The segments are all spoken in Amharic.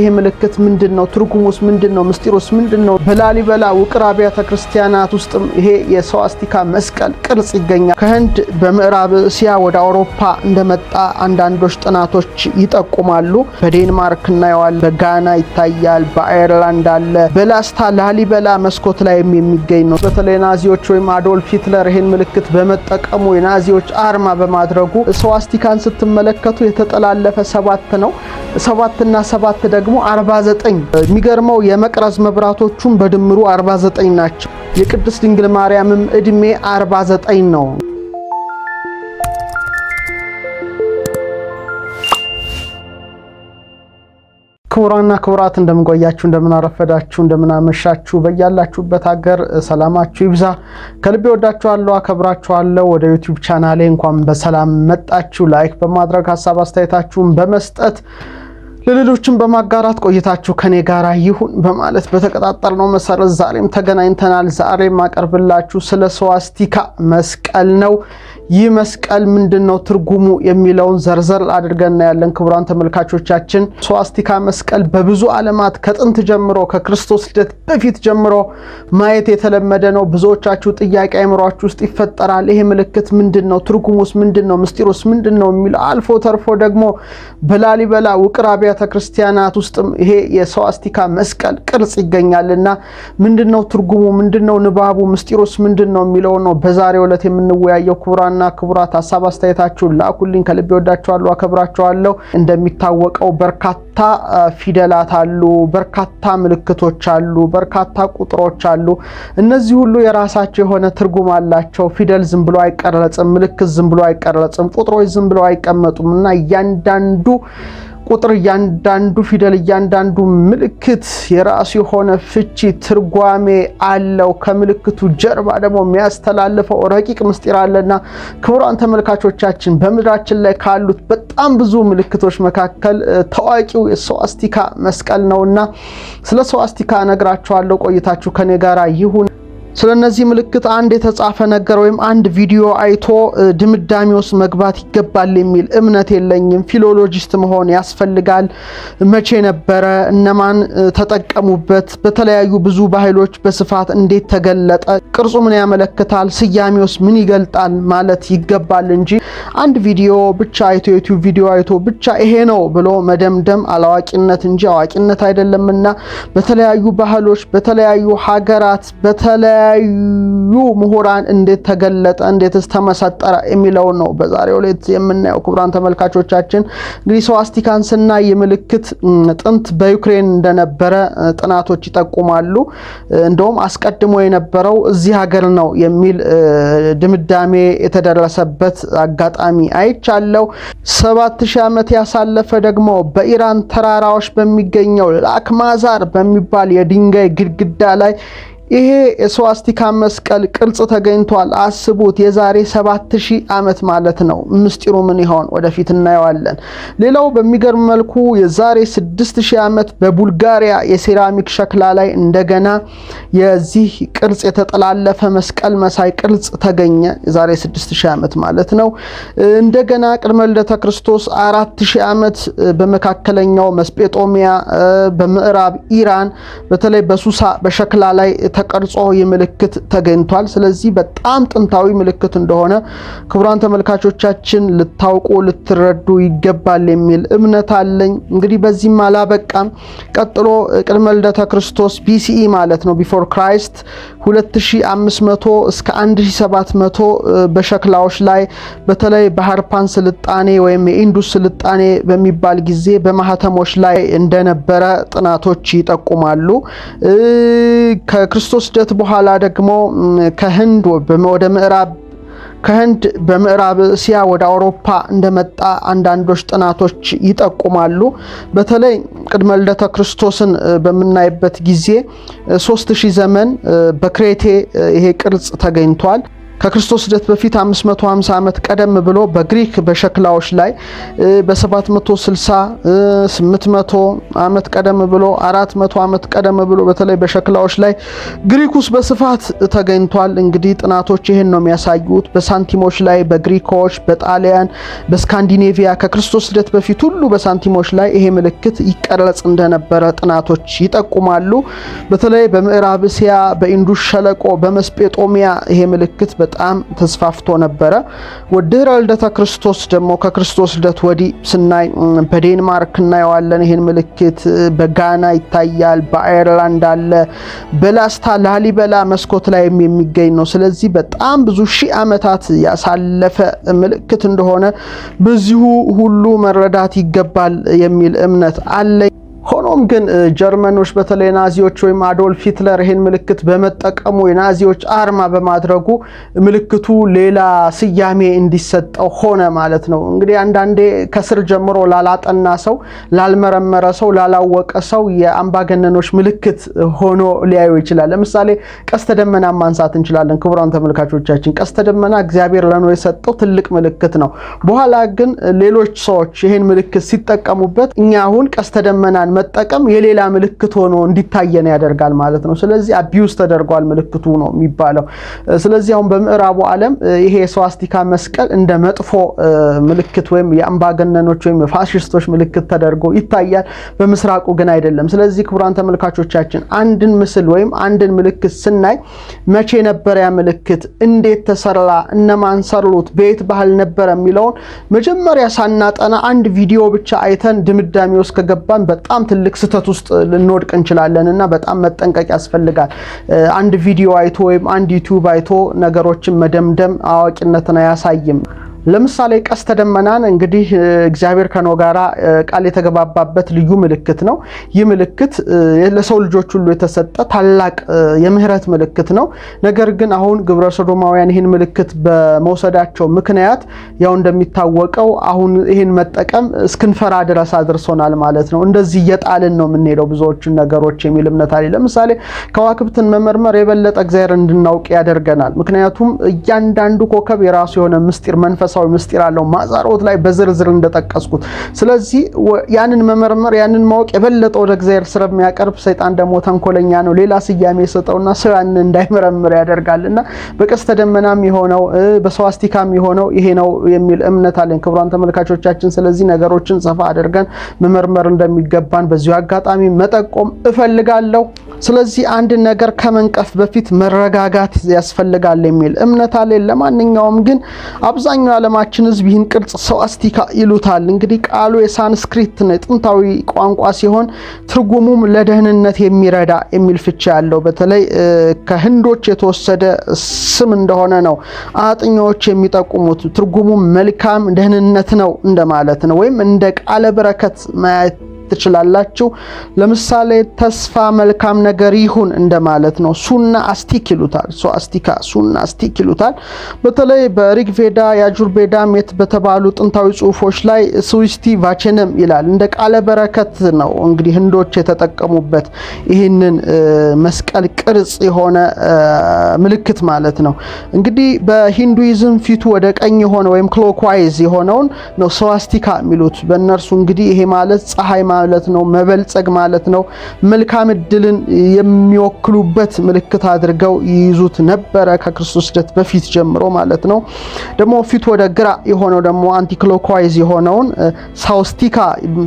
ይሄ ምልክት ምንድን ነው? ትርጉሙስ ምንድን ነው? ምስጢሩስ ምንድን ነው? በላሊበላ ውቅር አብያተ ክርስቲያናት ውስጥም ይሄ የስዋስቲካ መስቀል ቅርጽ ይገኛል። ከህንድ በምዕራብ እስያ ወደ አውሮፓ እንደመጣ አንዳንዶች ጥናቶች ይጠቁማሉ። በዴንማርክ እናየዋል፣ በጋና ይታያል፣ በአየርላንድ አለ። በላስታ ላሊበላ መስኮት ላይም የሚገኝ ነው። በተለይ ናዚዎች ወይም አዶልፍ ሂትለር ይህን ምልክት በመጠቀሙ የናዚዎች አርማ በማድረጉ ስዋስቲካን ስትመለከቱ የተጠላለፈ ሰባት ነው። ሰባት እና ሰባት ደግሞ ደግሞ 49 የሚገርመው የመቅረዝ መብራቶቹም በድምሩ 49 ናቸው። የቅድስት ድንግል ማርያምም እድሜ 49 ነው። ክቡራና ክቡራት እንደምንቆያችሁ፣ እንደምናረፈዳችሁ፣ እንደምናመሻችሁ በያላችሁበት ሀገር ሰላማችሁ ይብዛ። ከልቤ ወዳችኋለሁ፣ አከብራችኋለሁ። ወደ ዩቲዩብ ቻናሌ እንኳን በሰላም መጣችሁ። ላይክ በማድረግ ሀሳብ አስተያየታችሁን በመስጠት ለሌሎችም በማጋራት ቆይታችሁ ከኔ ጋር ይሁን በማለት በተቀጣጠርነው መሰረት ዛሬም ተገናኝተናል። ዛሬም አቀርብላችሁ ስለ ስዋስቲካ መስቀል ነው። ይህ መስቀል ምንድን ነው ትርጉሙ የሚለውን ዘርዘር አድርገን እናያለን። ክቡራን ተመልካቾቻችን ስዋስቲካ መስቀል በብዙ ዓለማት ከጥንት ጀምሮ ከክርስቶስ ልደት በፊት ጀምሮ ማየት የተለመደ ነው። ብዙዎቻችሁ ጥያቄ አይምሯችሁ ውስጥ ይፈጠራል። ይሄ ምልክት ምንድን ነው? ትርጉሙስ ምንድን ነው? ምስጢሩስ ምንድን ነው? የሚለው አልፎ ተርፎ ደግሞ በላሊበላ ውቅር አብያተ ክርስቲያናት ውስጥም ይሄ የስዋስቲካ መስቀል ቅርጽ ይገኛልና ምንድን ነው ትርጉሙ? ምንድን ነው ንባቡ? ምስጢሩስ ምንድን ነው የሚለው ነው በዛሬው ዕለት የምንወያየው ክቡራን ክቡራና ክቡራት ሀሳብ አስተያየታችሁን ላኩልኝ። ከልብ ወዳችኋለሁ፣ አከብራችኋለሁ። እንደሚታወቀው በርካታ ፊደላት አሉ፣ በርካታ ምልክቶች አሉ፣ በርካታ ቁጥሮች አሉ። እነዚህ ሁሉ የራሳቸው የሆነ ትርጉም አላቸው። ፊደል ዝም ብሎ አይቀረጽም፣ ምልክት ዝም ብሎ አይቀረጽም፣ ቁጥሮች ዝም ብሎ አይቀመጡም እና እያንዳንዱ ቁጥር፣ እያንዳንዱ ፊደል፣ እያንዳንዱ ምልክት የራሱ የሆነ ፍቺ ትርጓሜ አለው። ከምልክቱ ጀርባ ደግሞ የሚያስተላልፈው ረቂቅ ምስጢር አለና ክቡራን ተመልካቾቻችን በምድራችን ላይ ካሉት በጣም ብዙ ምልክቶች መካከል ታዋቂው የሰዋስቲካ መስቀል ነውና ስለ ሰዋስቲካ እነግራችኋለሁ። ቆይታችሁ ከኔ ጋር ይሁን። ስለ እነዚህ ምልክት አንድ የተጻፈ ነገር ወይም አንድ ቪዲዮ አይቶ ድምዳሜ ውስጥ መግባት ይገባል የሚል እምነት የለኝም። ፊሎሎጂስት መሆን ያስፈልጋል። መቼ ነበረ? እነማን ተጠቀሙበት? በተለያዩ ብዙ ባህሎች በስፋት እንዴት ተገለጠ? ቅርጹ ምን ያመለክታል? ስያሜውስ ምን ይገልጣል? ማለት ይገባል እንጂ አንድ ቪዲዮ ብቻ አይቶ ዩቲዩብ ቪዲዮ አይቶ ብቻ ይሄ ነው ብሎ መደምደም አላዋቂነት እንጂ አዋቂነት አይደለምና በተለያዩ ባህሎች፣ በተለያዩ ሀገራት፣ በተለያ በተለያዩ ምሁራን እንዴት ተገለጠ፣ እንዴትስ ተመሰጠረ የሚለው ነው በዛሬው ዕለት የምናየው። ክቡራን ተመልካቾቻችን እንግዲህ ስዋስቲካን ስናይ የምልክት ጥንት በዩክሬን እንደነበረ ጥናቶች ይጠቁማሉ። እንደውም አስቀድሞ የነበረው እዚህ ሀገር ነው የሚል ድምዳሜ የተደረሰበት አጋጣሚ አይቻለው። ሰባት ሺህ ዓመት ያሳለፈ ደግሞ በኢራን ተራራዎች በሚገኘው ላክማዛር በሚባል የድንጋይ ግድግዳ ላይ ይሄ የስዋስቲካ መስቀል ቅርጽ ተገኝቷል። አስቡት፣ የዛሬ 7000 ሺህ ዓመት ማለት ነው። ምስጢሩ ምን ይሆን? ወደፊት እናየዋለን። ሌላው በሚገርም መልኩ የዛሬ 6000 ሺህ ዓመት በቡልጋሪያ የሴራሚክ ሸክላ ላይ እንደገና የዚህ ቅርጽ የተጠላለፈ መስቀል መሳይ ቅርጽ ተገኘ። የዛሬ 6000 ሺህ ዓመት ማለት ነው። እንደገና ቅድመ ልደተ ክርስቶስ 4000 ዓመት በመካከለኛው መስጴጦሚያ፣ በምዕራብ ኢራን በተለይ በሱሳ በሸክላ ላይ ተቀርጾ ምልክት ተገኝቷል። ስለዚህ በጣም ጥንታዊ ምልክት እንደሆነ ክቡራን ተመልካቾቻችን ልታውቁ ልትረዱ ይገባል የሚል እምነት አለኝ። እንግዲህ በዚህም አላበቃም። ቀጥሎ ቅድመ ልደተ ክርስቶስ ቢሲኢ ማለት ነው ቢፎር ክራይስት 2500 እስከ 1700 በሸክላዎች ላይ በተለይ በሃርፓን ስልጣኔ ወይም የኢንዱስ ስልጣኔ በሚባል ጊዜ በማህተሞች ላይ እንደነበረ ጥናቶች ይጠቁማሉ። ከክርስቶስ ልደት በኋላ ደግሞ ከህንድ ወደ ምዕራብ ከህንድ በምዕራብ እስያ ወደ አውሮፓ እንደመጣ አንዳንዶች ጥናቶች ይጠቁማሉ። በተለይ ቅድመ ልደተ ክርስቶስን በምናይበት ጊዜ 3000 ዘመን በክሬቴ ይሄ ቅርጽ ተገኝቷል። ከክርስቶስ ልደት በፊት 550 ዓመት ቀደም ብሎ በግሪክ በሸክላዎች ላይ በ760 800 ዓመት ቀደም ብሎ 400 ዓመት ቀደም ብሎ በተለይ በሸክላዎች ላይ ግሪክ ውስጥ በስፋት ተገኝቷል። እንግዲህ ጥናቶች ይህን ነው የሚያሳዩት። በሳንቲሞች ላይ በግሪኮች፣ በጣሊያን፣ በስካንዲኔቪያ ከክርስቶስ ልደት በፊት ሁሉ በሳንቲሞች ላይ ይሄ ምልክት ይቀረጽ እንደነበረ ጥናቶች ይጠቁማሉ። በተለይ በምዕራብ እስያ፣ በኢንዱስ ሸለቆ፣ በመስጴጦሚያ ይሄ ምልክት በጣም ተስፋፍቶ ነበረ። ወድህረ ልደተ ክርስቶስ ደግሞ ከክርስቶስ ልደት ወዲህ ስናይ በዴንማርክ እናየዋለን። ይህን ምልክት በጋና ይታያል፣ በአየርላንድ አለ፣ በላስታ ላሊበላ መስኮት ላይም የሚገኝ ነው። ስለዚህ በጣም ብዙ ሺህ ዓመታት ያሳለፈ ምልክት እንደሆነ በዚሁ ሁሉ መረዳት ይገባል የሚል እምነት አለኝ። ሆኖም ግን ጀርመኖች በተለይ ናዚዎች ወይም አዶልፍ ሂትለር ይህን ምልክት በመጠቀሙ የናዚዎች አርማ በማድረጉ ምልክቱ ሌላ ስያሜ እንዲሰጠው ሆነ ማለት ነው። እንግዲህ አንዳንዴ ከስር ጀምሮ ላላጠና ሰው፣ ላልመረመረ ሰው፣ ላላወቀ ሰው የአምባገነኖች ምልክት ሆኖ ሊያዩ ይችላል። ለምሳሌ ቀስተ ደመና ማንሳት እንችላለን። ክቡራን ተመልካቾቻችን ቀስተ ደመና እግዚአብሔር ለኖ የሰጠው ትልቅ ምልክት ነው። በኋላ ግን ሌሎች ሰዎች ይህን ምልክት ሲጠቀሙበት እኛ አሁን ቀስተ ደመናን መጠቀም የሌላ ምልክት ሆኖ እንዲታየን ያደርጋል ማለት ነው። ስለዚህ አቢውስ ተደርጓል ምልክቱ ነው የሚባለው። ስለዚህ አሁን በምዕራቡ ዓለም ይሄ የስዋስቲካ መስቀል እንደ መጥፎ ምልክት ወይም የአምባገነኖች ወይም የፋሽስቶች ምልክት ተደርጎ ይታያል። በምስራቁ ግን አይደለም። ስለዚህ ክቡራን ተመልካቾቻችን አንድን ምስል ወይም አንድን ምልክት ስናይ መቼ ነበር ያ ምልክት፣ እንዴት ተሰራ፣ እነማን ሰሩት፣ በየት ባህል ነበር የሚለውን መጀመሪያ ሳናጠና አንድ ቪዲዮ ብቻ አይተን ድምዳሜ ውስጥ ከገባን በጣም ትልቅ ስህተት ውስጥ ልንወድቅ እንችላለን እና በጣም መጠንቀቅ ያስፈልጋል። አንድ ቪዲዮ አይቶ ወይም አንድ ዩቲዩብ አይቶ ነገሮችን መደምደም አዋቂነትን አያሳይም። ለምሳሌ ቀስተ ደመናን እንግዲህ እግዚአብሔር ከኖ ጋራ ቃል የተገባባበት ልዩ ምልክት ነው። ይህ ምልክት ለሰው ልጆች ሁሉ የተሰጠ ታላቅ የምህረት ምልክት ነው። ነገር ግን አሁን ግብረ ሶዶማውያን ይህን ምልክት በመውሰዳቸው ምክንያት ያው እንደሚታወቀው አሁን ይህን መጠቀም እስክንፈራ ድረስ አድርሶናል ማለት ነው። እንደዚህ እየጣልን ነው የምንሄደው ብዙዎችን ነገሮች የሚል እምነት አለ። ለምሳሌ ከዋክብትን መመርመር የበለጠ እግዚአብሔር እንድናውቅ ያደርገናል። ምክንያቱም እያንዳንዱ ኮከብ የራሱ የሆነ ምስጢር መንፈሳ መንፈሳዊ ምስጢር አለው ማዛሮት ላይ በዝርዝር እንደጠቀስኩት። ስለዚህ ያንን መመርመር ያንን ማወቅ የበለጠ ወደ እግዚአብሔር የሚያቀርብ ሰይጣን ደግሞ ተንኮለኛ ነው፣ ሌላ ስያሜ የሰጠውና ሰው ያንን እንዳይመረምር ያደርጋል እና በቀስተ ደመናም የሆነው በስዋስቲካም የሆነው ይሄ ነው የሚል እምነት አለን ክቡራን ተመልካቾቻችን። ስለዚህ ነገሮችን ሰፋ አድርገን መመርመር እንደሚገባን በዚሁ አጋጣሚ መጠቆም እፈልጋለሁ። ስለዚህ አንድ ነገር ከመንቀፍ በፊት መረጋጋት ያስፈልጋል የሚል እምነት አለን። ለማንኛውም ግን አብዛኛው የዓለማችን ህዝብ ይህን ቅርጽ ሰዋስቲካ ይሉታል። እንግዲህ ቃሉ የሳንስክሪት ነው፣ የጥንታዊ ቋንቋ ሲሆን ትርጉሙም ለደህንነት የሚረዳ የሚል ፍቻ ያለው በተለይ ከህንዶች የተወሰደ ስም እንደሆነ ነው አጥኚዎች የሚጠቁሙት። ትርጉሙም መልካም ደህንነት ነው እንደማለት ነው፣ ወይም እንደ ቃለ በረከት ማየት ትችላላችሁ። ለምሳሌ ተስፋ መልካም ነገር ይሁን እንደማለት ነው። ሱና አስቲክ ይሉታል። ሶ አስቲካ ሱና አስቲክ ይሉታል። በተለይ በሪግቬዳ ቬዳ፣ የአጁር ቬዳ ሜት በተባሉ ጥንታዊ ጽሁፎች ላይ ስዊስቲ ቫቼንም ይላል። እንደ ቃለ በረከት ነው እንግዲህ ህንዶች የተጠቀሙበት ይህንን መስቀል ቅርጽ የሆነ ምልክት ማለት ነው። እንግዲህ በሂንዱይዝም ፊቱ ወደ ቀኝ የሆነ ወይም ክሎክዋይዝ የሆነውን ነው ስዋስቲካ የሚሉት በእነርሱ እንግዲህ ይሄ ማለት ፀሐይ ማለት ነው፣ መበልጸግ ማለት ነው፣ መልካም እድልን የሚወክሉበት ምልክት አድርገው ይይዙት ነበረ ከክርስቶስ ልደት በፊት ጀምሮ ማለት ነው። ደግሞ ፊት ወደ ግራ የሆነው ደግሞ አንቲክሎኳይዝ የሆነውን ሳውስቲካ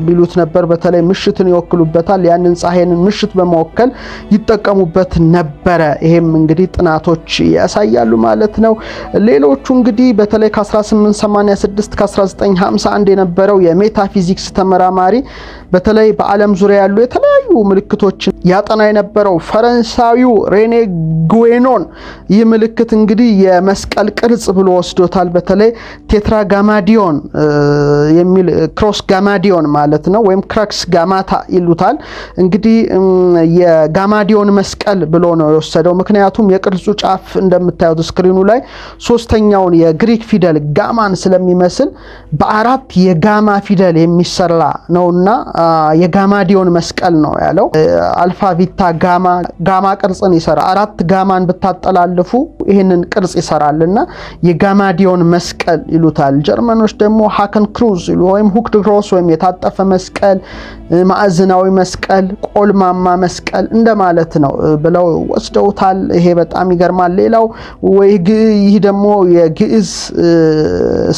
ቢሉት ነበር። በተለይ ምሽትን ይወክሉበታል። ያንን ፀሐይንን ምሽት በመወከል ይጠቀሙበት ነበረ። ይሄም እንግዲህ ጥናቶች ያሳያሉ ማለት ነው። ሌሎቹ እንግዲህ በተለይ ከ1886 ከ1951 የነበረው የሜታፊዚክስ ተመራማሪ በተለይ በዓለም ዙሪያ ያሉ የተለያዩ ምልክቶችን ያጠና የነበረው ፈረንሳዊው ሬኔ ጉዌኖን ይህ ምልክት እንግዲህ የመስቀል ቅርጽ ብሎ ወስዶታል። በተለይ ቴትራ ጋማዲዮን የሚል ክሮስ ጋማዲዮን ማለት ነው፣ ወይም ክረክስ ጋማታ ይሉታል። እንግዲህ የጋማዲዮን መስቀል ብሎ ነው የወሰደው። ምክንያቱም የቅርጹ ጫፍ እንደምታዩት ስክሪኑ ላይ ሶስተኛውን የግሪክ ፊደል ጋማን ስለሚመስል በአራት የጋማ ፊደል የሚሰራ ነውና የጋማዲዮን መስቀል ነው ያለው። አልፋ፣ ቪታ ጋማ ጋማ ቅርጽን ይሰራል። አራት ጋማን ብታጠላልፉ ይህንን ቅርጽ ይሰራልና የጋማዲዮን መስቀል ይሉታል። ጀርመኖች ደግሞ ሃከን ክሩዝ ይሉ ወይም ሁክድ ግሮስ ወይም የታጠፈ መስቀል፣ ማዕዝናዊ መስቀል፣ ቆልማማ መስቀል እንደማለት ነው ብለው ወስደውታል። ይሄ በጣም ይገርማል። ሌላው ይህ ደግሞ የግዕዝ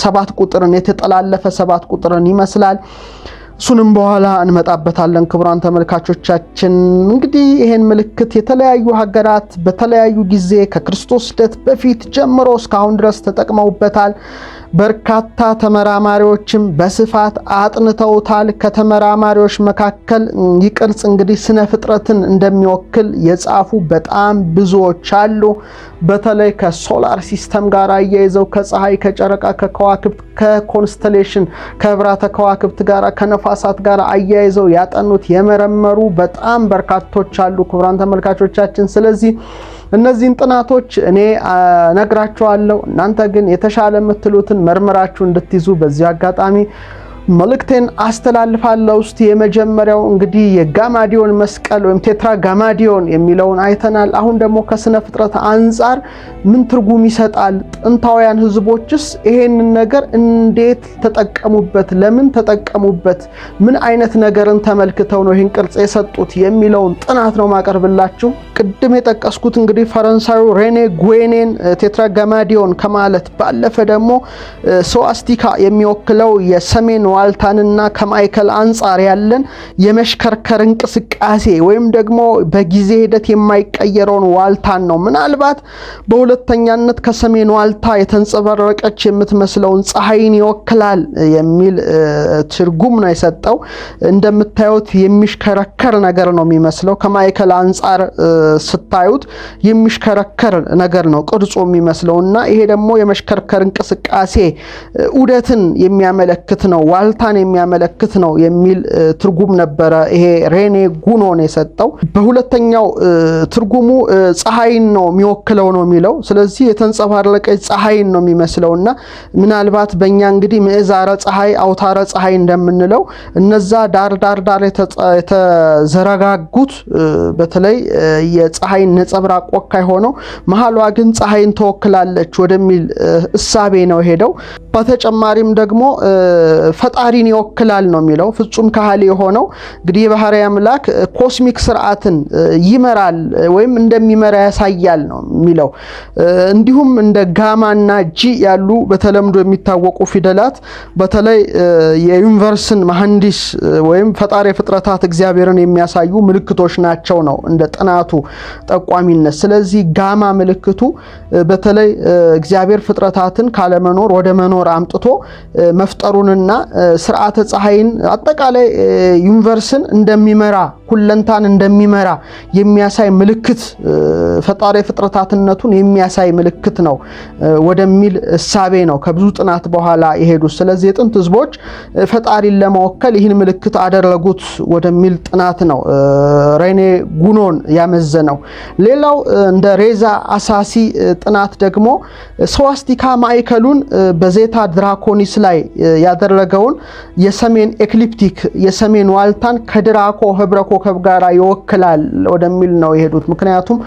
ሰባት ቁጥርን የተጠላለፈ ሰባት ቁጥርን ይመስላል። እሱንም በኋላ እንመጣበታለን። ክቡራን ተመልካቾቻችን እንግዲህ ይህን ምልክት የተለያዩ ሀገራት በተለያዩ ጊዜ ከክርስቶስ ልደት በፊት ጀምሮ እስካሁን ድረስ ተጠቅመውበታል። በርካታ ተመራማሪዎችም በስፋት አጥንተውታል። ከተመራማሪዎች መካከል ይህ ቅርጽ እንግዲህ ስነ ፍጥረትን እንደሚወክል የጻፉ በጣም ብዙዎች አሉ። በተለይ ከሶላር ሲስተም ጋር አያይዘው ከፀሐይ፣ ከጨረቃ፣ ከከዋክብት፣ ከኮንስተሌሽን፣ ከህብራተ ከዋክብት ጋር ከነፋሳት ጋር አያይዘው ያጠኑት የመረመሩ በጣም በርካቶች አሉ፣ ክቡራን ተመልካቾቻችን ስለዚህ እነዚህን ጥናቶች እኔ ነግራችኋለሁ። እናንተ ግን የተሻለ የምትሉትን መርምራችሁ እንድትይዙ በዚህ አጋጣሚ መልእክቴን አስተላልፋለሁ። እስቲ የመጀመሪያው እንግዲህ የጋማዲዮን መስቀል ወይም ቴትራ ጋማዲዮን የሚለውን አይተናል። አሁን ደግሞ ከስነ ፍጥረት አንጻር ምን ትርጉም ይሰጣል? ጥንታውያን ህዝቦችስ ይሄንን ነገር እንዴት ተጠቀሙበት? ለምን ተጠቀሙበት? ምን አይነት ነገርን ተመልክተው ነው ይህን ቅርጽ የሰጡት የሚለውን ጥናት ነው ማቀርብላችሁ። ቅድም የጠቀስኩት እንግዲህ ፈረንሳዩ ሬኔ ጉዌኔን ቴትራ ጋማዲዮን ከማለት ባለፈ ደግሞ ስዋስቲካ የሚወክለው የሰሜን ከዋልታንና ከማዕከል አንጻር ያለን የመሽከርከር እንቅስቃሴ ወይም ደግሞ በጊዜ ሂደት የማይቀየረውን ዋልታን ነው። ምናልባት በሁለተኛነት ከሰሜን ዋልታ የተንጸባረቀች የምትመስለውን ፀሐይን ይወክላል የሚል ትርጉም ነው የሰጠው። እንደምታዩት የሚሽከረከር ነገር ነው የሚመስለው። ከማዕከል አንጻር ስታዩት የሚሽከረከር ነገር ነው ቅርጹ የሚመስለው እና ይሄ ደግሞ የመሽከርከር እንቅስቃሴ ውደትን የሚያመለክት ነው። ዋልታን የሚያመለክት ነው የሚል ትርጉም ነበረ ይሄ ሬኔ ጉኖን የሰጠው። በሁለተኛው ትርጉሙ ፀሐይን ነው የሚወክለው ነው የሚለው። ስለዚህ የተንጸባረቀች ፀሐይን ነው የሚመስለው እና ምናልባት በእኛ እንግዲህ ምዕዛረ ፀሐይ፣ አውታረ ፀሐይ እንደምንለው እነዛ ዳር ዳር ዳር የተዘረጋጉት በተለይ የፀሐይን ነጸብራቅ ወካይ ሆነው መሀሏ ግን ፀሐይን ተወክላለች ወደሚል እሳቤ ነው ሄደው በተጨማሪም ደግሞ ፈጣሪን ይወክላል ነው የሚለው። ፍጹም ካህሊ የሆነው እንግዲህ የባህሪ አምላክ ኮስሚክ ስርዓትን ይመራል ወይም እንደሚመራ ያሳያል ነው የሚለው። እንዲሁም እንደ ጋማና ጂ ያሉ በተለምዶ የሚታወቁ ፊደላት በተለይ የዩኒቨርስን መሐንዲስ ወይም ፈጣሪ ፍጥረታት እግዚአብሔርን የሚያሳዩ ምልክቶች ናቸው ነው እንደ ጥናቱ ጠቋሚነት። ስለዚህ ጋማ ምልክቱ በተለይ እግዚአብሔር ፍጥረታትን ካለመኖር ወደ መኖር አምጥቶ መፍጠሩንና ስርዓተ ፀሐይን አጠቃላይ ዩኒቨርስን እንደሚመራ ሁለንታን እንደሚመራ የሚያሳይ ምልክት ፈጣሪ ፍጥረታትነቱን የሚያሳይ ምልክት ነው ወደሚል እሳቤ ነው ከብዙ ጥናት በኋላ የሄዱት። ስለዚህ የጥንት ህዝቦች ፈጣሪን ለመወከል ይህን ምልክት አደረጉት ወደሚል ጥናት ነው ሬኔ ጉኖን ያመዘነው። ሌላው እንደ ሬዛ አሳሲ ጥናት ደግሞ ስዋስቲካ ማዕከሉን በዜታ ድራኮኒስ ላይ ያደረገውን ሲሆን የሰሜን ኤክሊፕቲክ የሰሜን ዋልታን ከድራኮ ህብረ ኮከብ ጋር ይወክላል ወደሚል ነው የሄዱት። ምክንያቱም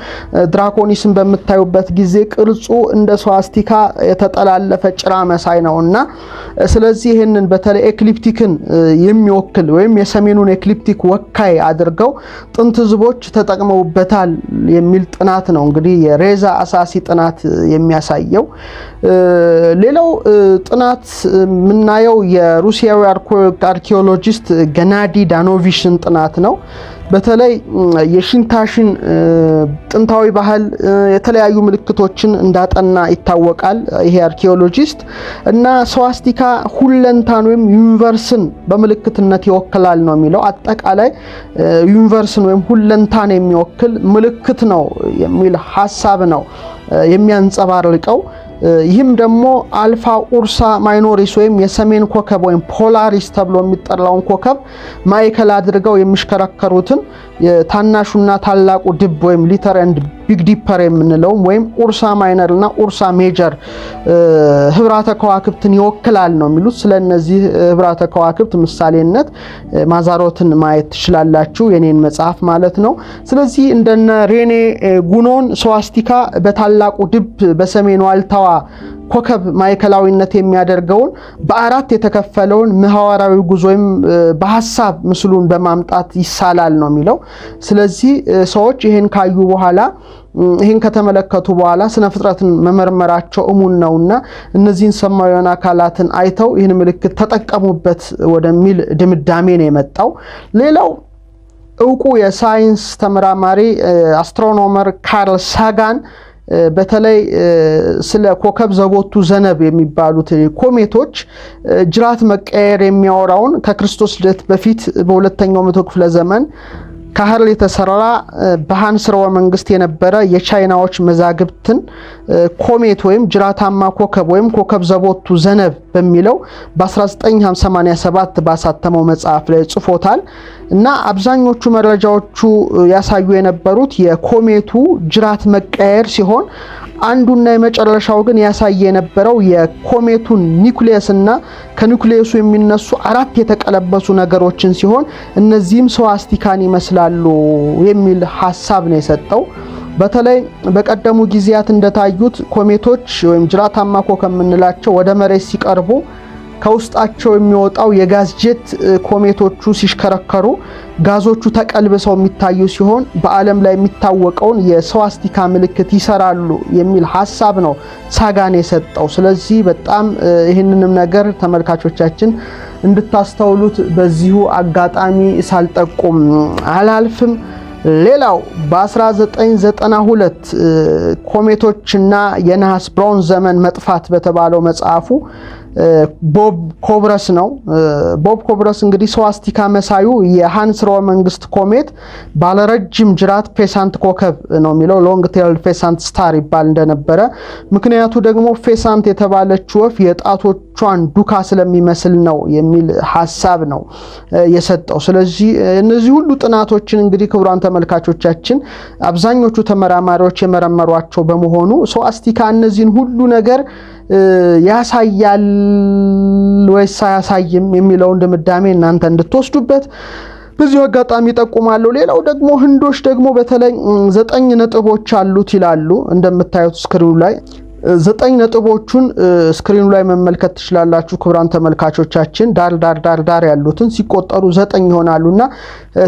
ድራኮኒስን በምታዩበት ጊዜ ቅርጹ እንደ ስዋስቲካ የተጠላለፈ ጭራ መሳይ ነው እና ስለዚህ ይህንን በተለይ ኤክሊፕቲክን የሚወክል ወይም የሰሜኑን ኤክሊፕቲክ ወካይ አድርገው ጥንት ህዝቦች ተጠቅመውበታል የሚል ጥናት ነው እንግዲህ የሬዛ አሳሲ ጥናት የሚያሳየው። ሌላው ጥናት የምናየው የሩሲያ የሩሲያዊ አርኪኦሎጂስት ገናዲ ዳኖቪሽን ጥናት ነው። በተለይ የሽንታሽን ጥንታዊ ባህል የተለያዩ ምልክቶችን እንዳጠና ይታወቃል። ይሄ አርኪኦሎጂስት እና ስዋስቲካ ሁለንታን ወይም ዩኒቨርስን በምልክትነት ይወክላል ነው የሚለው። አጠቃላይ ዩኒቨርስን ወይም ሁለንታን የሚወክል ምልክት ነው የሚል ሀሳብ ነው የሚያንጸባርቀው። ይህም ደግሞ አልፋ ኡርሳ ማይኖሪስ ወይም የሰሜን ኮከብ ወይም ፖላሪስ ተብሎ የሚጠራውን ኮከብ ማዕከል አድርገው የሚሽከረከሩትን ታናሹና ታላቁ ድብ ወይም ሊተር ኤንድ ቢግ ዲፐር የምንለውም ወይም ኡርሳ ማይነር እና ኡርሳ ሜጀር ህብራተ ከዋክብትን ይወክላል ነው የሚሉት። ስለ እነዚህ ህብራተ ከዋክብት ምሳሌነት ማዛሮትን ማየት ትችላላችሁ፣ የኔን መጽሐፍ ማለት ነው። ስለዚህ እንደነ ሬኔ ጉኖን ስዋስቲካ በታላቁ ድብ በሰሜን ዋልታዋ ኮከብ ማዕከላዊነት የሚያደርገውን በአራት የተከፈለውን ምህዋራዊ ጉዞ ወይም በሀሳብ ምስሉን በማምጣት ይሳላል ነው የሚለው። ስለዚህ ሰዎች ይህን ካዩ በኋላ ይህን ከተመለከቱ በኋላ ስነ ፍጥረትን መመርመራቸው እሙን ነውና እነዚህን ሰማያውያን አካላትን አይተው ይህን ምልክት ተጠቀሙበት ወደሚል ድምዳሜ ነው የመጣው። ሌላው እውቁ የሳይንስ ተመራማሪ አስትሮኖመር ካርል ሳጋን በተለይ ስለ ኮከብ ዘቦቱ ዘነብ የሚባሉት ኮሜቶች ጅራት መቀየር የሚያወራውን ከክርስቶስ ልደት በፊት በሁለተኛው መቶ ክፍለ ዘመን ከሐረር የተሰራ በሃን ስርወ መንግስት የነበረ የቻይናዎች መዛግብትን ኮሜት ወይም ጅራታማ ኮከብ ወይም ኮከብ ዘቦቱ ዘነብ በሚለው በ 1987 ባሳተመው መጽሐፍ ላይ ጽፎታል። እና አብዛኞቹ መረጃዎቹ ያሳዩ የነበሩት የኮሜቱ ጅራት መቀየር ሲሆን አንዱና የመጨረሻው ግን ያሳየ የነበረው የኮሜቱን ኒኩሊየስ እና ከኒኩሊየሱ የሚነሱ አራት የተቀለበሱ ነገሮችን ሲሆን እነዚህም ስዋስቲካን ይመስላሉ የሚል ሀሳብ ነው የሰጠው። በተለይ በቀደሙ ጊዜያት እንደታዩት ኮሜቶች ወይም ጅራታማ ኮከብ የምንላቸው ወደ መሬት ሲቀርቡ ከውስጣቸው የሚወጣው የጋዝ ጄት ኮሜቶቹ ሲሽከረከሩ ጋዞቹ ተቀልብሰው የሚታዩ ሲሆን በዓለም ላይ የሚታወቀውን የሰዋስቲካ ምልክት ይሰራሉ የሚል ሀሳብ ነው ሳጋን የሰጠው። ስለዚህ በጣም ይህንንም ነገር ተመልካቾቻችን እንድታስተውሉት በዚሁ አጋጣሚ ሳልጠቁም አላልፍም። ሌላው በ1992 ኮሜቶችና የነሐስ ብራውን ዘመን መጥፋት በተባለው መጽሐፉ ቦብ ኮብረስ ነው። ቦብ ኮብረስ እንግዲህ ስዋስቲካ መሳዩ የሃንስ ሮ መንግስት ኮሜት ባለረጅም ጅራት ፌሳንት ኮከብ ነው የሚለው ሎንግ ቴልድ ፌሳንት ስታር ይባል እንደነበረ፣ ምክንያቱ ደግሞ ፌሳንት የተባለች ወፍ የጣቶቿን ዱካ ስለሚመስል ነው የሚል ሀሳብ ነው የሰጠው። ስለዚህ እነዚህ ሁሉ ጥናቶችን እንግዲህ ክቡራን ተመልካቾቻችን አብዛኞቹ ተመራማሪዎች የመረመሯቸው በመሆኑ ስዋስቲካ እነዚህን ሁሉ ነገር ያሳያል ወይስ አያሳይም የሚለውን ድምዳሜ እናንተ እንድትወስዱበት በዚሁ አጋጣሚ ይጠቁማለሁ። ሌላው ደግሞ ህንዶች ደግሞ በተለይ ዘጠኝ ነጥቦች አሉት ይላሉ። እንደምታዩት ስክሪኑ ላይ ዘጠኝ ነጥቦቹን ስክሪኑ ላይ መመልከት ትችላላችሁ ክቡራን ተመልካቾቻችን። ዳር ዳር ዳር ዳር ያሉትን ሲቆጠሩ ዘጠኝ ይሆናሉ ይሆናሉና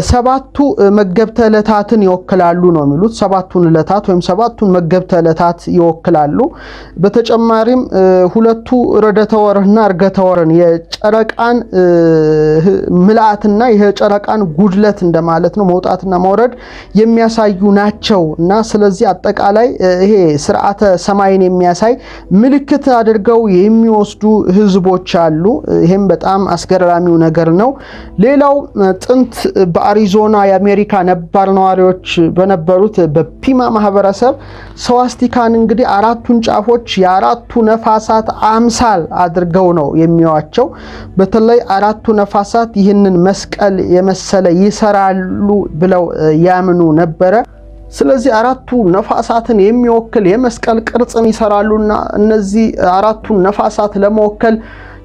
ሰባቱ መገብተ ዕለታትን ይወክላሉ ነው የሚሉት። ሰባቱን ዕለታት ወይም ሰባቱን መገብተ ዕለታት ይወክላሉ። በተጨማሪም ሁለቱ ረደተ ወርህና እርገተ ወርን የጨረቃን ምልአትና የጨረቃን ጉድለት እንደማለት ነው መውጣትና መውረድ የሚያሳዩ ናቸው እና ስለዚህ አጠቃላይ ይሄ ስርዓተ ሰማይን የሚ የሚያሳይ ምልክት አድርገው የሚወስዱ ህዝቦች አሉ። ይህም በጣም አስገራሚው ነገር ነው። ሌላው ጥንት በአሪዞና የአሜሪካ ነባር ነዋሪዎች በነበሩት በፒማ ማህበረሰብ ስዋስቲካን እንግዲህ አራቱን ጫፎች የአራቱ ነፋሳት አምሳል አድርገው ነው የሚዋቸው። በተለይ አራቱ ነፋሳት ይህንን መስቀል የመሰለ ይሰራሉ ብለው ያምኑ ነበረ። ስለዚህ አራቱ ነፋሳትን የሚወክል የመስቀል ቅርጽን ይሰራሉና እነዚህ አራቱን ነፋሳት ለመወከል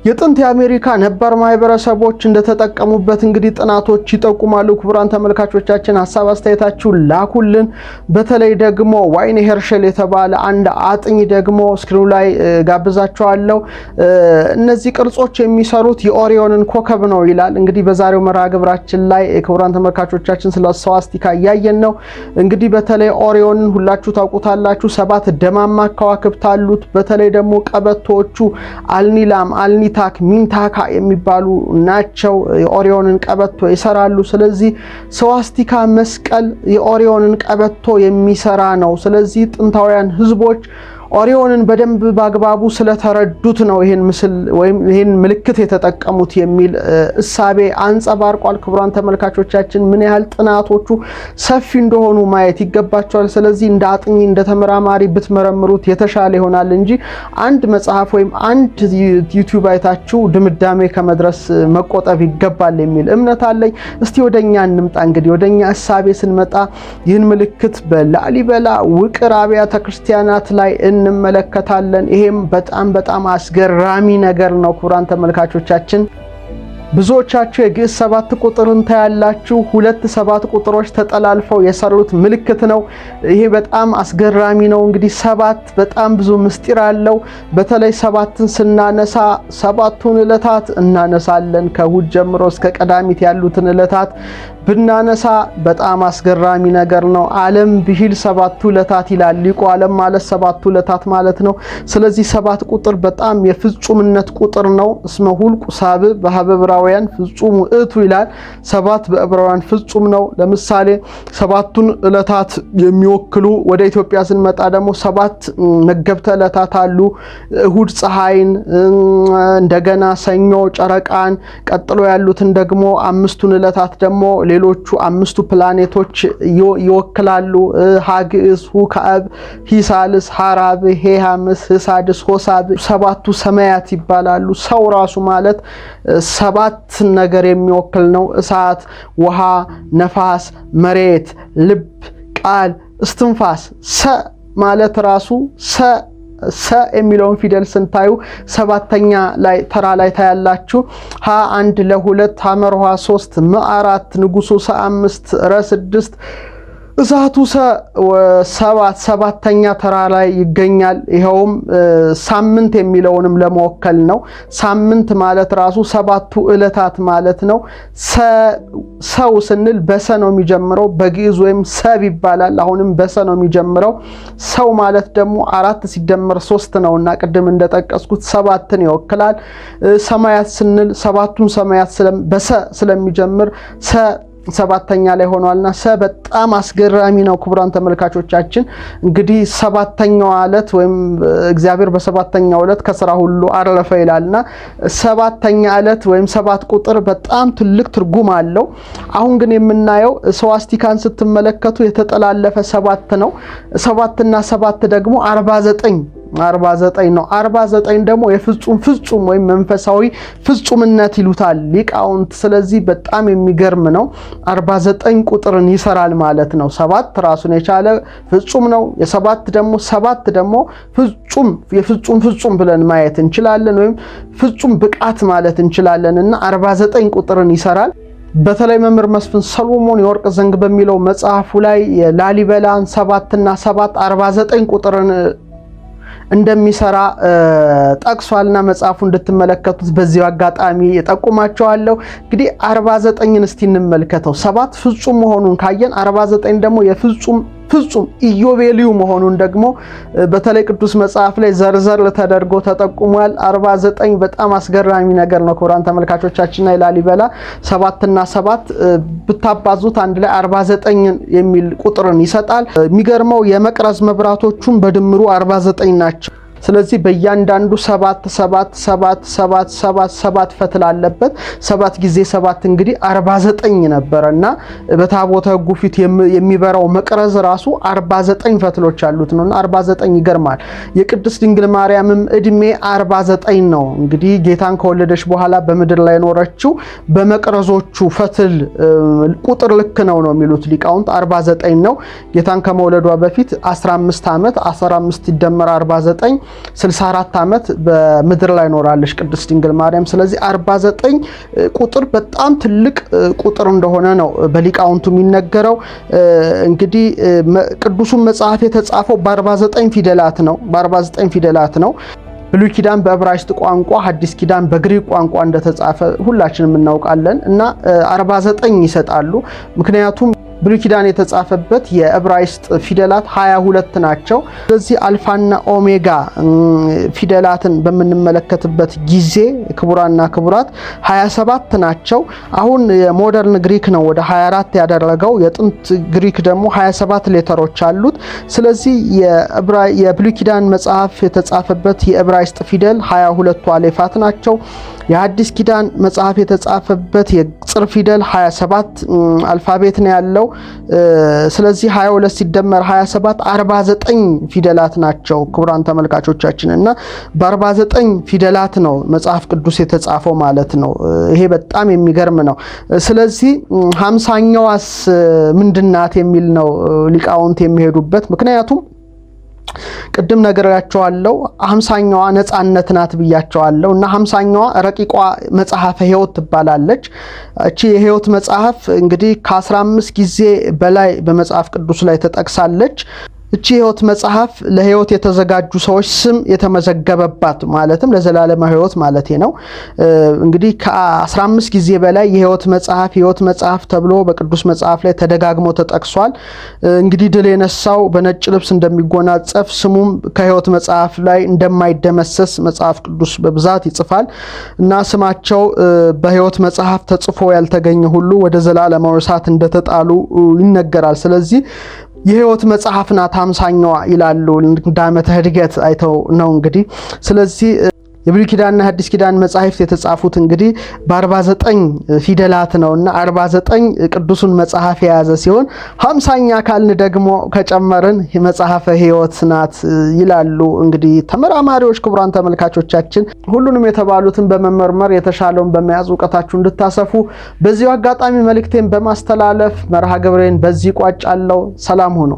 የጥንት የአሜሪካ ነባር ማህበረሰቦች እንደተጠቀሙበት እንግዲህ ጥናቶች ይጠቁማሉ። ክቡራን ተመልካቾቻችን ሀሳብ አስተያየታችሁ ላኩልን። በተለይ ደግሞ ዋይን ሄርሸል የተባለ አንድ አጥኝ ደግሞ ስክሪኑ ላይ ጋብዛችኋለሁ። እነዚህ ቅርጾች የሚሰሩት የኦሪዮንን ኮከብ ነው ይላል። እንግዲህ በዛሬው መርሃ ግብራችን ላይ ክቡራን ተመልካቾቻችን ስለ ስዋስቲካ እያየን ነው። እንግዲህ በተለይ ኦሪዮንን ሁላችሁ ታውቁታላችሁ። ሰባት ደማማ ከዋክብት አሉት። በተለይ ደግሞ ቀበቶዎቹ አልኒላም አልኒ ሚታክ ሚንታካ የሚባሉ ናቸው። የኦሪዮንን ቀበቶ ይሰራሉ። ስለዚህ ስዋስቲካ መስቀል የኦሪዮንን ቀበቶ የሚሰራ ነው። ስለዚህ ጥንታውያን ህዝቦች ኦሪዮንን በደንብ በአግባቡ ስለተረዱት ነው ይህን ምስል ወይም ይህን ምልክት የተጠቀሙት የሚል እሳቤ አንጸባርቋል። ክቡራን ተመልካቾቻችን ምን ያህል ጥናቶቹ ሰፊ እንደሆኑ ማየት ይገባቸዋል። ስለዚህ እንደ አጥኚ እንደ ተመራማሪ ብትመረምሩት የተሻለ ይሆናል እንጂ አንድ መጽሐፍ ወይም አንድ ዩቲዩብ አይታችሁ ድምዳሜ ከመድረስ መቆጠብ ይገባል የሚል እምነት አለኝ። እስቲ ወደኛ እንምጣ። እንግዲህ ወደኛ እሳቤ ስንመጣ ይህን ምልክት በላሊበላ ውቅር አብያተ ክርስቲያናት ላይ እንመለከታለን። ይሄም በጣም በጣም አስገራሚ ነገር ነው። ክቡራን ተመልካቾቻችን ብዙዎቻችሁ የግዕዝ ሰባት ቁጥርን ታያላችሁ። ሁለት ሰባት ቁጥሮች ተጠላልፈው የሰሩት ምልክት ነው። ይሄ በጣም አስገራሚ ነው። እንግዲህ ሰባት በጣም ብዙ ምስጢር አለው። በተለይ ሰባትን ስናነሳ ሰባቱን ዕለታት እናነሳለን። ከእሁድ ጀምሮ እስከ ቀዳሚት ያሉትን ዕለታት ብናነሳ በጣም አስገራሚ ነገር ነው። ዓለም ብሂል ሰባቱ ዕለታት ይላል ሊቁ። ዓለም ማለት ሰባቱ ዕለታት ማለት ነው። ስለዚህ ሰባት ቁጥር በጣም የፍጹምነት ቁጥር ነው። እስመ ሁልቁ ሳብ በሀበ ፍጹም ውእቱ ይላል። ሰባት በዕብራውያን ፍጹም ነው። ለምሳሌ ሰባቱን ዕለታት የሚወክሉ ወደ ኢትዮጵያ ስንመጣ ደግሞ ሰባት መገብተ ዕለታት አሉ። እሁድ ፀሐይን፣ እንደገና ሰኞ ጨረቃን፣ ቀጥሎ ያሉትን ደግሞ አምስቱን ዕለታት ደግሞ ሌሎቹ አምስቱ ፕላኔቶች ይወክላሉ። ሀግዕስ፣ ሁካብ፣ ሂሳልስ፣ ሀራብ፣ ሄሃምስ፣ ህሳድስ፣ ሆሳብ ሰባቱ ሰማያት ይባላሉ። ሰው ራሱ ማለት ሰባት ነገር የሚወክል ነው። እሳት፣ ውሃ፣ ነፋስ፣ መሬት፣ ልብ፣ ቃል፣ እስትንፋስ። ሰ ማለት ራሱ ሰ ሰ የሚለውን ፊደል ስንታዩ ሰባተኛ ላይ ተራ ላይ ታያላችሁ። ሀ አንድ ለሁለት ሐመር ውሃ ሶስት መ አራት ንጉሱ ሰ አምስት ረ ስድስት እዛቱ ሰባት ሰባተኛ ተራ ላይ ይገኛል። ይኸውም ሳምንት የሚለውንም ለመወከል ነው። ሳምንት ማለት ራሱ ሰባቱ ዕለታት ማለት ነው። ሰው ስንል በሰ ነው የሚጀምረው፣ በግዕዝ ወይም ሰብ ይባላል። አሁንም በሰ ነው የሚጀምረው። ሰው ማለት ደግሞ አራት ሲደመር ሶስት እና ቅድም እንደጠቀስኩት ሰባትን ይወክላል። ሰማያት ስንል ሰባቱን ሰማያት በሰ ስለሚጀምር ሰባተኛ ላይ ሆኗልና ሰ በጣም አስገራሚ ነው። ክቡራን ተመልካቾቻችን እንግዲህ ሰባተኛው ዕለት ወይም እግዚአብሔር በሰባተኛው ዕለት ከስራ ሁሉ አረፈ ይላልና ሰባተኛ ዕለት ወይም ሰባት ቁጥር በጣም ትልቅ ትርጉም አለው። አሁን ግን የምናየው ስዋስቲካን ስትመለከቱ የተጠላለፈ ሰባት ነው። ሰባትና ሰባት ደግሞ አርባ ዘጠኝ 49 ነው። 49 ደግሞ የፍጹም ፍጹም ወይም መንፈሳዊ ፍጹምነት ይሉታል ሊቃውንት። ስለዚህ በጣም የሚገርም ነው። 49 ቁጥርን ይሰራል ማለት ነው። ሰባት ራሱን የቻለ ፍጹም ነው። የሰባት ደግሞ ሰባት ደግሞ ፍጹም የፍጹም ፍጹም ብለን ማየት እንችላለን፣ ወይም ፍጹም ብቃት ማለት እንችላለን እና 49 ቁጥርን ይሰራል። በተለይ መምህር መስፍን ሰሎሞን የወርቅ ዘንግ በሚለው መጽሐፉ ላይ የላሊበላን ሰባትና ሰባት 49 ቁጥርን እንደሚሰራ ጠቅሷልና መጽሐፉ እንድትመለከቱት በዚሁ አጋጣሚ እጠቁማቸዋለሁ። እንግዲህ 49ን እስቲ እንመልከተው። ሰባት ፍጹም መሆኑን ካየን 49 ደግሞ የፍጹም ፍጹም ኢዮቤልዩ መሆኑን ደግሞ በተለይ ቅዱስ መጽሐፍ ላይ ዘርዘር ተደርጎ ተጠቁሟል። 49 በጣም አስገራሚ ነገር ነው። ክቡራን ተመልካቾቻችንና የላሊበላ ሰባትና ሰባት ብታባዙት አንድ ላይ 49 የሚል ቁጥርን ይሰጣል። የሚገርመው የመቅረዝ መብራቶቹም በድምሩ 49 ናቸው። ስለዚህ በእያንዳንዱ ሰባት ሰባት ሰባት ሰባት ሰባት ሰባት ፈትል አለበት። ሰባት ጊዜ ሰባት እንግዲህ 49 ነበረ እና በታቦተ ሕጉ ፊት የሚበራው መቅረዝ ራሱ 49 ፈትሎች አሉት ነው። 49 ይገርማል። የቅድስት ድንግል ማርያምም እድሜ 49 ነው። እንግዲህ ጌታን ከወለደች በኋላ በምድር ላይ ኖረችው በመቅረዞቹ ፈትል ቁጥር ልክ ነው ነው የሚሉት ሊቃውንት 49 ነው። ጌታን ከመውለዷ በፊት 15 ዓመት 15 ይደመር 49 64 ዓመት በምድር ላይ ኖራለች ቅድስት ድንግል ማርያም። ስለዚህ 49 ቁጥር በጣም ትልቅ ቁጥር እንደሆነ ነው በሊቃውንቱ የሚነገረው። እንግዲህ ቅዱሱን መጽሐፍ የተጻፈው በ49 ፊደላት ነው በ49 ፊደላት ነው። ብሉይ ኪዳን በዕብራይስጥ ቋንቋ፣ ሐዲስ ኪዳን በግሪክ ቋንቋ እንደተጻፈ ሁላችንም እናውቃለን እና 49 ይሰጣሉ ምክንያቱም ብሉይ ኪዳን የተጻፈበት የዕብራይስጥ ፊደላት 22 ናቸው። ስለዚህ አልፋና ኦሜጋ ፊደላትን በምንመለከትበት ጊዜ ክቡራና ክቡራት 27 ናቸው። አሁን የሞደርን ግሪክ ነው ወደ 24 ያደረገው። የጥንት ግሪክ ደግሞ 27 ሌተሮች አሉት። ስለዚህ የብሉይ ኪዳን መጽሐፍ የተጻፈበት የዕብራይስጥ ፊደል 22ቱ አሌፋት ናቸው። የአዲስ ኪዳን መጽሐፍ የተጻፈበት የጽር ፊደል 27 አልፋቤት ነው ያለው። ስለዚህ 22 ሲደመር 27 49 ፊደላት ናቸው ክቡራን ተመልካቾቻችን እና በ49 ፊደላት ነው መጽሐፍ ቅዱስ የተጻፈው ማለት ነው። ይሄ በጣም የሚገርም ነው። ስለዚህ ሀምሳኛዋስ ምንድናት የሚል ነው ሊቃውንት የሚሄዱበት ምክንያቱም ቅድም ነገራቸዋለው ሀምሳኛዋ ነጻነት ናት ብያቸዋለው እና ሀምሳኛዋ ረቂቋ መጽሐፈ ህይወት ትባላለች። እቺ የህይወት መጽሐፍ እንግዲህ ከአስራ አምስት ጊዜ በላይ በመጽሐፍ ቅዱስ ላይ ተጠቅሳለች። እቺ የህይወት መጽሐፍ ለህይወት የተዘጋጁ ሰዎች ስም የተመዘገበባት ማለትም ለዘላለማ ህይወት ማለት ነው። እንግዲህ ከ15 ጊዜ በላይ የህይወት መጽሐፍ ህይወት መጽሐፍ ተብሎ በቅዱስ መጽሐፍ ላይ ተደጋግሞ ተጠቅሷል። እንግዲህ ድል የነሳው በነጭ ልብስ እንደሚጎናጸፍ ስሙም ከህይወት መጽሐፍ ላይ እንደማይደመሰስ መጽሐፍ ቅዱስ በብዛት ይጽፋል እና ስማቸው በህይወት መጽሐፍ ተጽፎ ያልተገኘ ሁሉ ወደ ዘላለማዊ እሳት እንደተጣሉ ይነገራል። ስለዚህ የህይወት መጽሐፍ ናት አምሳኛዋ ይላሉ። እንዳመተ እድገት አይተው ነው እንግዲህ ስለዚህ የብሉይ ኪዳንና ሀዲስ ኪዳን መጻሕፍት የተጻፉት እንግዲህ በ49 ፊደላት ነውና 49 ቅዱሱን መጽሐፍ የያዘ ሲሆን ሀምሳኛ ካልን ደግሞ ከጨመርን መጽሐፈ ሕይወት ናት ይላሉ። እንግዲህ ተመራማሪዎች፣ ክቡራን ተመልካቾቻችን ሁሉንም የተባሉትን በመመርመር የተሻለውን በመያዝ እውቀታችሁ እንድታሰፉ በዚሁ አጋጣሚ መልእክቴን በማስተላለፍ መርሃ ግብሬን በዚህ ቋጫለው። አለው። ሰላም ሆኖ